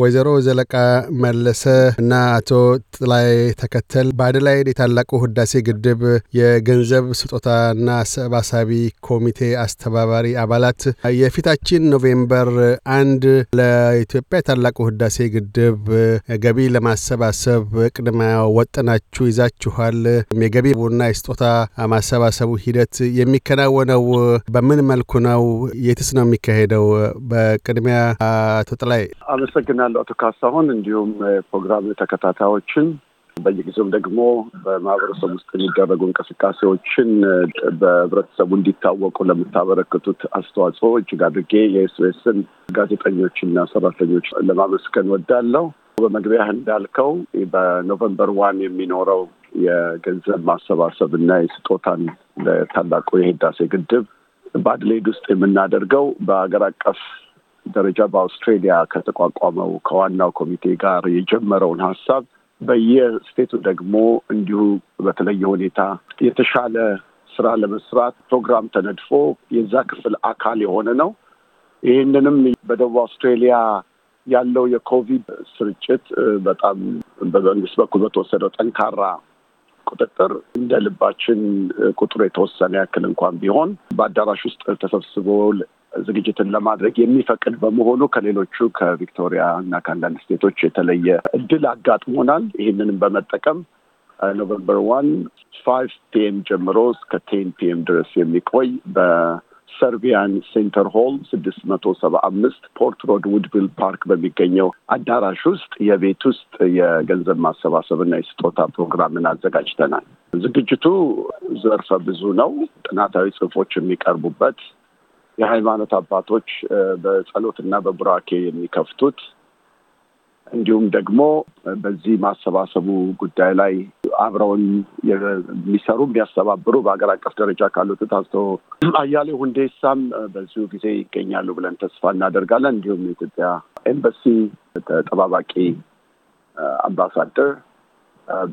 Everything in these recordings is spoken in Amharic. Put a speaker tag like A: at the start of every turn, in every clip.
A: ወይዘሮ ዘለቃ መለሰ እና አቶ ጥላይ ተከተል በአደላይድ የታላቁ ህዳሴ ግድብ የገንዘብ ስጦታና አሰባሳቢ ኮሚቴ አስተባባሪ አባላት የፊታችን ኖቬምበር አንድ ለኢትዮጵያ የታላቁ ህዳሴ ግድብ ገቢ ለማሰባሰብ ቅድመ ወጥናችሁ ይዛችኋል። የገቢውና የስጦታ ማሰባሰቡ ሂደት የሚከናወነው በምን መልኩ ነው? የትስ ነው የሚካሄደው? በቅድሚያ አቶ ጥላይ
B: አመሰግናለሁ አቶ ካሳሁን። እንዲሁም ፕሮግራም ተከታታዮችን በየጊዜውም ደግሞ በማህበረሰብ ውስጥ የሚደረጉ እንቅስቃሴዎችን በህብረተሰቡ እንዲታወቁ ለምታበረክቱት አስተዋጽኦ እጅግ አድርጌ የኤስቤስን ጋዜጠኞችና ሰራተኞች ለማመስገን ወዳለው። በመግቢያህ እንዳልከው በኖቨምበር ዋን የሚኖረው የገንዘብ ማሰባሰብ እና የስጦታን ለታላቁ የህዳሴ ግድብ በአድሌድ ውስጥ የምናደርገው በሀገር አቀፍ ደረጃ በአውስትሬሊያ ከተቋቋመው ከዋናው ኮሚቴ ጋር የጀመረውን ሀሳብ በየስቴቱ ደግሞ እንዲሁ በተለየ ሁኔታ የተሻለ ስራ ለመስራት ፕሮግራም ተነድፎ የዛ ክፍል አካል የሆነ ነው። ይህንንም በደቡብ አውስትሬሊያ ያለው የኮቪድ ስርጭት በጣም በመንግስት በኩል በተወሰደው ጠንካራ ቁጥጥር እንደ ልባችን ቁጥሩ የተወሰነ ያክል እንኳን ቢሆን በአዳራሽ ውስጥ ተሰብስቦ ዝግጅትን ለማድረግ የሚፈቅድ በመሆኑ ከሌሎቹ ከቪክቶሪያ እና ከአንዳንድ ስቴቶች የተለየ እድል አጋጥሞናል። ይህንንም በመጠቀም ኖቨምበር ዋን ፋይቭ ፒኤም ጀምሮ እስከ ቴን ፒኤም ድረስ የሚቆይ በሰርቢያን ሴንተር ሆል ስድስት መቶ ሰባ አምስት ፖርት ሮድ ውድቪል ፓርክ በሚገኘው አዳራሽ ውስጥ የቤት ውስጥ የገንዘብ ማሰባሰብና የስጦታ ፕሮግራምን አዘጋጅተናል። ዝግጅቱ ዘርፈ ብዙ ነው። ጥናታዊ ጽሑፎች የሚቀርቡበት የሃይማኖት አባቶች በጸሎትና በቡራኬ የሚከፍቱት እንዲሁም ደግሞ በዚህ ማሰባሰቡ ጉዳይ ላይ አብረውን የሚሰሩ የሚያስተባብሩ በሀገር አቀፍ ደረጃ ካሉት ታስቶ አያሌው ሁንዴሳም በዚሁ ጊዜ ይገኛሉ ብለን ተስፋ እናደርጋለን። እንዲሁም የኢትዮጵያ ኤምባሲ ተጠባባቂ አምባሳደር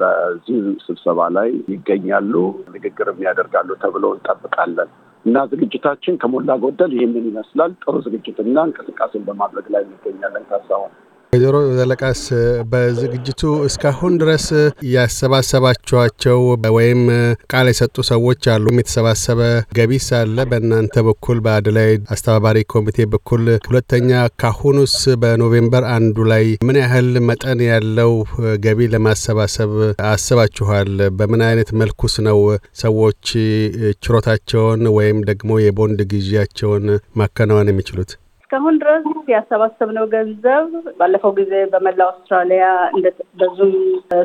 B: በዚህ ስብሰባ ላይ ይገኛሉ፣ ንግግርም ያደርጋሉ ተብሎ እንጠብቃለን። እና ዝግጅታችን ከሞላ ጎደል ይህንን ይመስላል። ጥሩ ዝግጅትና እንቅስቃሴን በማድረግ ላይ እንገኛለን።
A: ካሳሁን ወይዘሮ ዘለቃስ በዝግጅቱ እስካሁን ድረስ ያሰባሰባችኋቸው ወይም ቃል የሰጡ ሰዎች አሉ? የተሰባሰበ ገቢስ አለ? በእናንተ በኩል በአደላይድ አስተባባሪ ኮሚቴ በኩል። ሁለተኛ ካሁኑስ በኖቬምበር አንዱ ላይ ምን ያህል መጠን ያለው ገቢ ለማሰባሰብ አስባችኋል? በምን አይነት መልኩስ ነው ሰዎች ችሮታቸውን ወይም ደግሞ የቦንድ ግዢያቸውን ማከናወን የሚችሉት?
C: እስካሁን ድረስ ያሰባሰብነው ገንዘብ ባለፈው ጊዜ በመላው አውስትራሊያ በዙም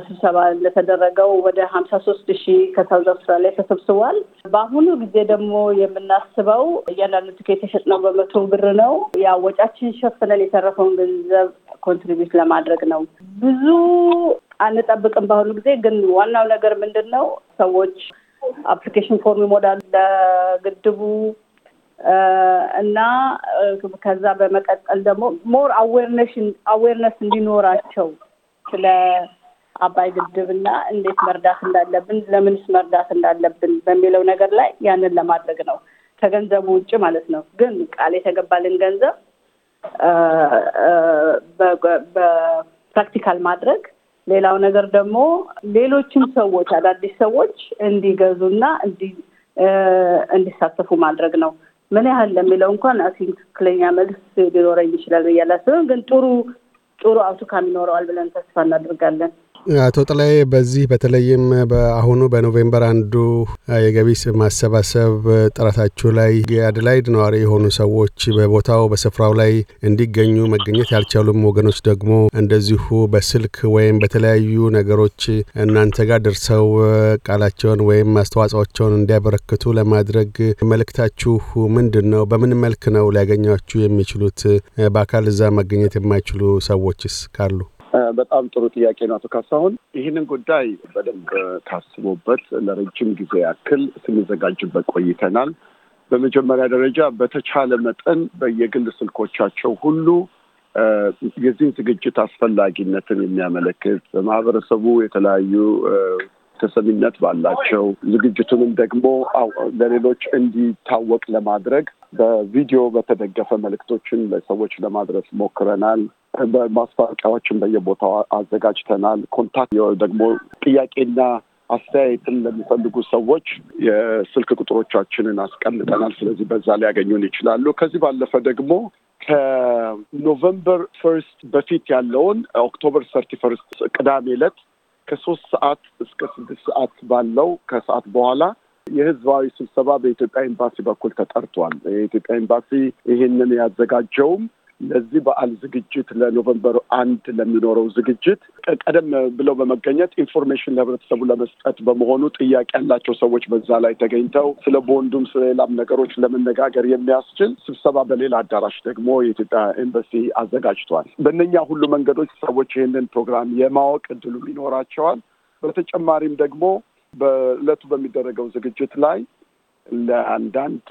C: ስብሰባ እንደተደረገው ወደ ሀምሳ ሶስት ሺህ ከሳውዝ አውስትራሊያ ተሰብስቧል። በአሁኑ ጊዜ ደግሞ የምናስበው እያንዳንዱ ትኬት የሸጥነው በመቶ ብር ነው። ያ ወጫችን ሸፍነን የተረፈውን ገንዘብ ኮንትሪቢዩት ለማድረግ ነው። ብዙ አንጠብቅም። በአሁኑ ጊዜ ግን ዋናው ነገር ምንድን ነው ሰዎች አፕሊኬሽን ፎርም ይሞላሉ ለግድቡ እና ከዛ በመቀጠል ደግሞ ሞር አዌርነስ እንዲኖራቸው ስለ አባይ ግድብ እና እንዴት መርዳት እንዳለብን ለምንስ መርዳት እንዳለብን በሚለው ነገር ላይ ያንን ለማድረግ ነው። ከገንዘቡ ውጭ ማለት ነው። ግን ቃል የተገባልን ገንዘብ በፕራክቲካል ማድረግ፣ ሌላው ነገር ደግሞ ሌሎችም ሰዎች አዳዲስ ሰዎች እንዲገዙና እንዲሳተፉ ማድረግ ነው። ምን ያህል ለሚለው እንኳን አይ ትክክለኛ መልስ ሊኖረኝ ይችላል ብዬ አላስብም። ግን ጥሩ ጥሩ አውትካም ይኖረዋል ብለን ተስፋ እናደርጋለን።
A: አቶ ጥላይ በዚህ በተለይም በአሁኑ በኖቬምበር አንዱ የገቢ ማሰባሰብ ጥረታችሁ ላይ የአደላይድ ነዋሪ የሆኑ ሰዎች በቦታው በስፍራው ላይ እንዲገኙ መገኘት ያልቻሉም ወገኖች ደግሞ እንደዚሁ በስልክ ወይም በተለያዩ ነገሮች እናንተ ጋር ደርሰው ቃላቸውን ወይም አስተዋጽኦቸውን እንዲያበረክቱ ለማድረግ መልእክታችሁ ምንድን ነው? በምን መልክ ነው ሊያገኛችሁ የሚችሉት? በአካል እዛ መገኘት የማይችሉ ሰዎችስ ካሉ
B: በጣም ጥሩ ጥያቄ ነው አቶ ካሳሁን። ይህንን ጉዳይ በደንብ ታስቦበት ለረጅም ጊዜ ያክል ስንዘጋጅበት ቆይተናል። በመጀመሪያ ደረጃ በተቻለ መጠን በየግል ስልኮቻቸው ሁሉ የዚህን ዝግጅት አስፈላጊነትን የሚያመለክት በማህበረሰቡ የተለያዩ ተሰሚነት ባላቸው ዝግጅቱንም ደግሞ ለሌሎች እንዲታወቅ ለማድረግ በቪዲዮ በተደገፈ መልእክቶችን ለሰዎች ለማድረስ ሞክረናል። በማስታወቂያዎችን በየቦታው አዘጋጅተናል። ኮንታክት ደግሞ ጥያቄና አስተያየትን ለሚፈልጉ ሰዎች የስልክ ቁጥሮቻችንን አስቀምጠናል። ስለዚህ በዛ ሊያገኙን ይችላሉ። ከዚህ ባለፈ ደግሞ ከኖቨምበር ፈርስት በፊት ያለውን ኦክቶበር ሰርቲ ፈርስት ቅዳሜ ዕለት ከሶስት ሰዓት እስከ ስድስት ሰዓት ባለው ከሰዓት በኋላ የህዝባዊ ስብሰባ በኢትዮጵያ ኤምባሲ በኩል ተጠርቷል። የኢትዮጵያ ኤምባሲ ይህንን ያዘጋጀውም ለዚህ በዓል ዝግጅት ለኖቨምበር አንድ ለሚኖረው ዝግጅት ቀደም ብለው በመገኘት ኢንፎርሜሽን ለህብረተሰቡ ለመስጠት በመሆኑ ጥያቄ ያላቸው ሰዎች በዛ ላይ ተገኝተው ስለ ቦንዱም ስለሌላም ነገሮች ለመነጋገር የሚያስችል ስብሰባ በሌላ አዳራሽ ደግሞ የኢትዮጵያ ኤምባሲ አዘጋጅቷል። በእነኛ ሁሉ መንገዶች ሰዎች ይህንን ፕሮግራም የማወቅ እድሉም ይኖራቸዋል። በተጨማሪም ደግሞ በእለቱ በሚደረገው ዝግጅት ላይ ለአንዳንድ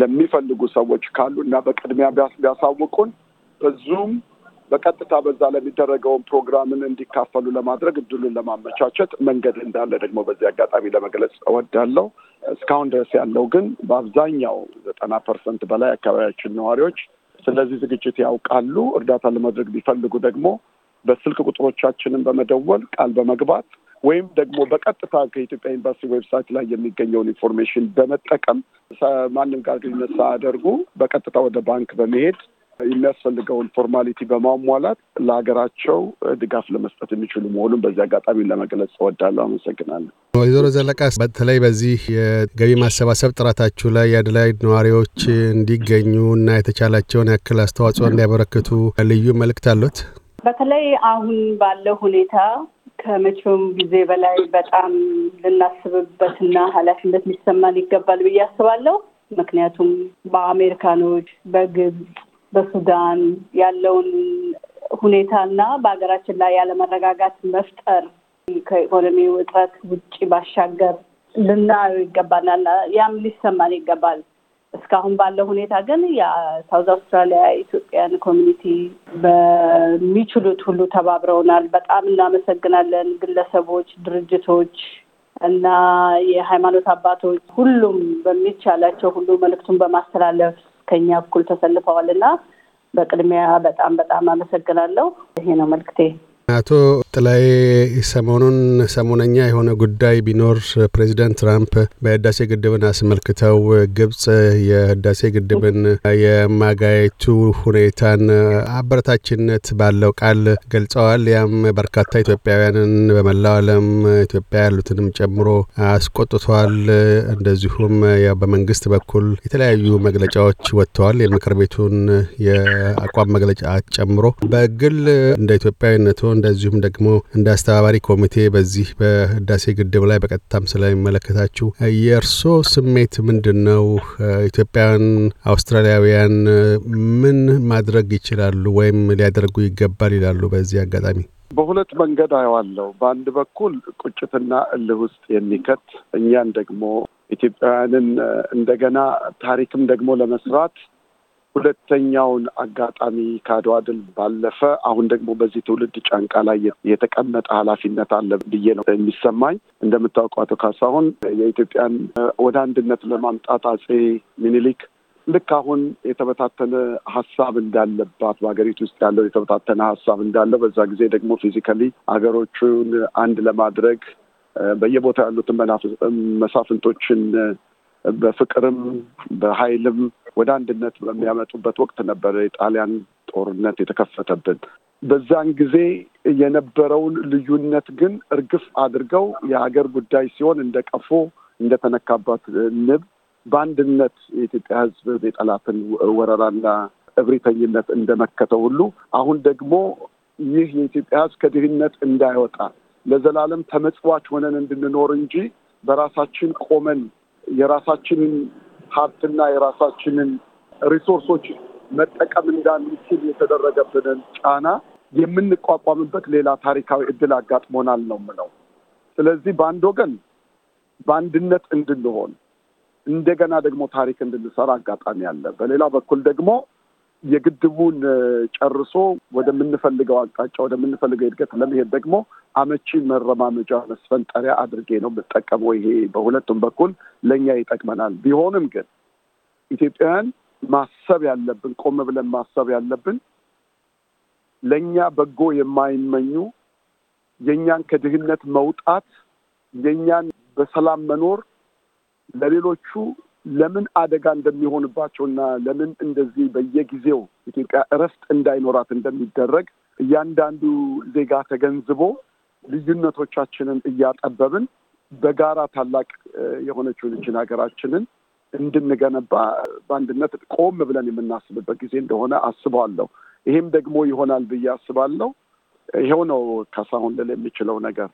B: ለሚፈልጉ ሰዎች ካሉ እና በቅድሚያ ቢያሳውቁን በዙም በቀጥታ በዛ ለሚደረገውን ፕሮግራምን እንዲካፈሉ ለማድረግ እድሉን ለማመቻቸት መንገድ እንዳለ ደግሞ በዚህ አጋጣሚ ለመግለጽ እወዳለሁ። እስካሁን ድረስ ያለው ግን በአብዛኛው ዘጠና ፐርሰንት በላይ አካባቢያችን ነዋሪዎች ስለዚህ ዝግጅት ያውቃሉ። እርዳታ ለማድረግ ቢፈልጉ ደግሞ በስልክ ቁጥሮቻችንን በመደወል ቃል በመግባት ወይም ደግሞ በቀጥታ ከኢትዮጵያ ኤምባሲ ዌብሳይት ላይ የሚገኘውን ኢንፎርሜሽን በመጠቀም ማንም ጋር ግንኙነት ሳያደርጉ በቀጥታ ወደ ባንክ በመሄድ የሚያስፈልገውን ፎርማሊቲ በማሟላት ለሀገራቸው ድጋፍ ለመስጠት የሚችሉ መሆኑን በዚህ አጋጣሚ ለመግለጽ እወዳለሁ። አመሰግናለሁ።
A: ወይዘሮ ዘለቃ በተለይ በዚህ የገቢ ማሰባሰብ ጥረታችሁ ላይ የአደላይድ ነዋሪዎች እንዲገኙ እና የተቻላቸውን ያክል አስተዋጽኦ እንዲያበረክቱ ልዩ መልእክት አሉት?
C: በተለይ አሁን ባለው ሁኔታ ከመቼውም ጊዜ በላይ በጣም ልናስብበትና ኃላፊነት ሊሰማን ይገባል ብዬ አስባለሁ። ምክንያቱም በአሜሪካኖች፣ በግብፅ፣ በሱዳን ያለውን ሁኔታና በሀገራችን ላይ ያለመረጋጋት መፍጠር ከኢኮኖሚ ውጥረት ውጭ ባሻገር ልናየው ይገባናል። ያም ሊሰማን ይገባል። እስካሁን ባለው ሁኔታ ግን የሳውዝ አውስትራሊያ ኢትዮጵያን ኮሚኒቲ በሚችሉት ሁሉ ተባብረውናል። በጣም እናመሰግናለን። ግለሰቦች፣ ድርጅቶች እና የሃይማኖት አባቶች ሁሉም በሚቻላቸው ሁሉ መልእክቱን በማስተላለፍ ከኛ እኩል ተሰልፈዋል እና በቅድሚያ በጣም በጣም አመሰግናለሁ። ይሄ ነው መልክቴ።
A: አቶ ጥላዬ ሰሞኑን ሰሞነኛ የሆነ ጉዳይ ቢኖር ፕሬዚዳንት ትራምፕ በህዳሴ ግድብን አስመልክተው ግብጽ የህዳሴ ግድብን የማጋየቱ ሁኔታን አበረታችነት ባለው ቃል ገልጸዋል። ያም በርካታ ኢትዮጵያውያንን በመላው ዓለም ኢትዮጵያ ያሉትንም ጨምሮ አስቆጥቷል እንደዚሁም በመንግስት በኩል የተለያዩ መግለጫዎች ወጥተዋል። የምክር ቤቱን የአቋም መግለጫ ጨምሮ በግል እንደ ኢትዮጵያዊነቱን እንደዚሁም ደግሞ እንደ አስተባባሪ ኮሚቴ በዚህ በህዳሴ ግድብ ላይ በቀጥታም ስለሚመለከታችሁ የእርሶ ስሜት ምንድን ነው? ኢትዮጵያውያን አውስትራሊያውያን ምን ማድረግ ይችላሉ ወይም ሊያደርጉ ይገባል ይላሉ? በዚህ አጋጣሚ
B: በሁለት መንገድ አየዋለሁ። በአንድ በኩል ቁጭትና እልህ ውስጥ የሚከት እኛን ደግሞ ኢትዮጵያውያንን እንደገና ታሪክም ደግሞ ለመስራት ሁለተኛውን አጋጣሚ ከአድዋ ድል ባለፈ አሁን ደግሞ በዚህ ትውልድ ጫንቃ ላይ የተቀመጠ ኃላፊነት አለ ብዬ ነው የሚሰማኝ። እንደምታውቀው አቶ ካሳሁን የኢትዮጵያን ወደ አንድነት ለማምጣት አጼ ሚኒሊክ ልክ አሁን የተበታተነ ሀሳብ እንዳለባት በሀገሪቱ ውስጥ ያለው የተበታተነ ሀሳብ እንዳለው በዛ ጊዜ ደግሞ ፊዚካሊ ሀገሮቹን አንድ ለማድረግ በየቦታው ያሉትን መሳፍንቶችን በፍቅርም በኃይልም ወደ አንድነት በሚያመጡበት ወቅት ነበረ የጣሊያን ጦርነት የተከፈተብን። በዛን ጊዜ የነበረውን ልዩነት ግን እርግፍ አድርገው የሀገር ጉዳይ ሲሆን እንደ ቀፎ እንደተነካባት ንብ በአንድነት የኢትዮጵያ ሕዝብ የጠላትን ወረራና እብሪተኝነት እንደመከተው ሁሉ አሁን ደግሞ ይህ የኢትዮጵያ ሕዝብ ከድህነት እንዳይወጣ ለዘላለም ተመጽዋች ሆነን እንድንኖር እንጂ በራሳችን ቆመን የራሳችንን ሀብትና የራሳችንን ሪሶርሶች መጠቀም እንዳንችል የተደረገብንን ጫና የምንቋቋምበት ሌላ ታሪካዊ እድል አጋጥሞናል ነው ምለው። ስለዚህ በአንድ ወገን በአንድነት እንድንሆን እንደገና ደግሞ ታሪክ እንድንሰራ አጋጣሚ አለ። በሌላ በኩል ደግሞ የግድቡን ጨርሶ ወደምንፈልገው አቅጣጫ ወደምንፈልገው እድገት ለመሄድ ደግሞ አመቺ መረማመጃ መስፈንጠሪያ አድርጌ ነው የምጠቀመው። ይሄ በሁለቱም በኩል ለእኛ ይጠቅመናል። ቢሆንም ግን ኢትዮጵያውያን ማሰብ ያለብን ቆም ብለን ማሰብ ያለብን ለእኛ በጎ የማይመኙ የእኛን ከድህነት መውጣት የእኛን በሰላም መኖር ለሌሎቹ ለምን አደጋ እንደሚሆንባቸውና ለምን እንደዚህ በየጊዜው ኢትዮጵያ እረፍት እንዳይኖራት እንደሚደረግ እያንዳንዱ ዜጋ ተገንዝቦ ልዩነቶቻችንን እያጠበብን በጋራ ታላቅ የሆነችውን ሀገራችንን እንድንገነባ በአንድነት ቆም ብለን የምናስብበት ጊዜ እንደሆነ አስባለሁ። ይሄም ደግሞ ይሆናል ብዬ አስባለሁ። ይኸው ነው ካሳሁን ልል የሚችለው ነገር።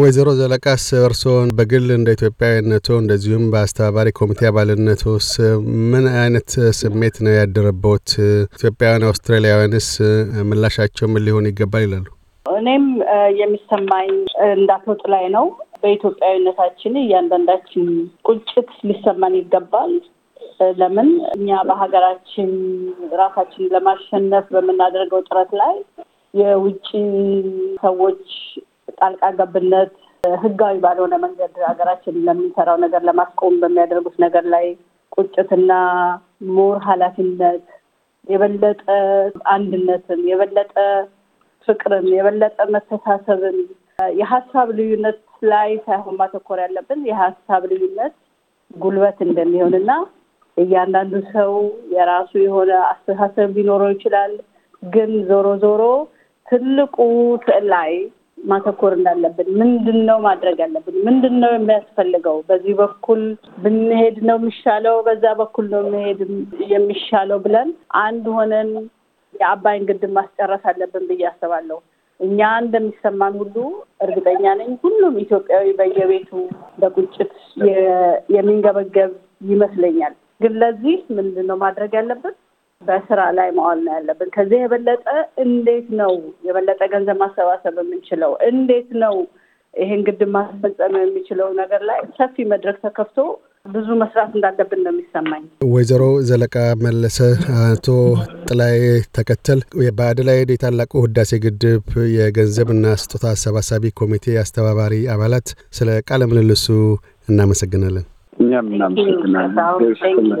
A: ወይዘሮ ዘለቃስ እርስዎን በግል እንደ ኢትዮጵያዊነቶ እንደዚሁም በአስተባባሪ ኮሚቴ አባልነቱ ምን አይነት ስሜት ነው ያደረበውት ኢትዮጵያውያን አውስትራሊያውያንስ ምላሻቸው ምን ሊሆን ይገባል ይላሉ?
C: እኔም የሚሰማኝ እንዳትወጥ ላይ ነው። በኢትዮጵያዊነታችን እያንዳንዳችን ቁጭት ሊሰማን ይገባል። ለምን እኛ በሀገራችን ራሳችን ለማሸነፍ በምናደርገው ጥረት ላይ የውጭ ሰዎች ጣልቃ ገብነት ህጋዊ ባልሆነ መንገድ ሀገራችን ለምንሰራው ነገር ለማስቆም በሚያደርጉት ነገር ላይ ቁጭትና ሞር ኃላፊነት የበለጠ አንድነትን፣ የበለጠ ፍቅርን፣ የበለጠ መተሳሰብን የሀሳብ ልዩነት ላይ ሳይሆን ማተኮር ያለብን የሀሳብ ልዩነት ጉልበት እንደሚሆን እና እያንዳንዱ ሰው የራሱ የሆነ አስተሳሰብ ሊኖረው ይችላል። ግን ዞሮ ዞሮ ትልቁ ላይ ማተኮር እንዳለብን፣ ምንድን ነው ማድረግ ያለብን፣ ምንድን ነው የሚያስፈልገው፣ በዚህ በኩል ብንሄድ ነው የሚሻለው፣ በዛ በኩል ነው መሄድ የሚሻለው ብለን አንድ ሆነን የአባይን ግድብ ማስጨረስ አለብን ብዬ አስባለሁ። እኛ እንደሚሰማን ሁሉ እርግጠኛ ነኝ ሁሉም ኢትዮጵያዊ በየቤቱ በቁጭት የሚንገበገብ ይመስለኛል። ግን ለዚህ ምንድን ነው ማድረግ ያለብን? በስራ ላይ መዋል ነው ያለብን። ከዚህ የበለጠ እንዴት ነው የበለጠ ገንዘብ ማሰባሰብ የምንችለው? እንዴት ነው ይሄን ግድብ ማስፈጸም የሚችለው ነገር ላይ ሰፊ መድረክ ተከፍቶ ብዙ መስራት እንዳለብን ነው የሚሰማኝ።
A: ወይዘሮ ዘለቃ መለሰ፣ አቶ ጥላይ ተከተል በአደላይድ የታላቁ ህዳሴ ግድብ የገንዘብና ስጦታ አሰባሳቢ ኮሚቴ አስተባባሪ አባላት፣ ስለ ቃለ ምልልሱ እናመሰግናለን።
B: እኛም እናመሰግናለን።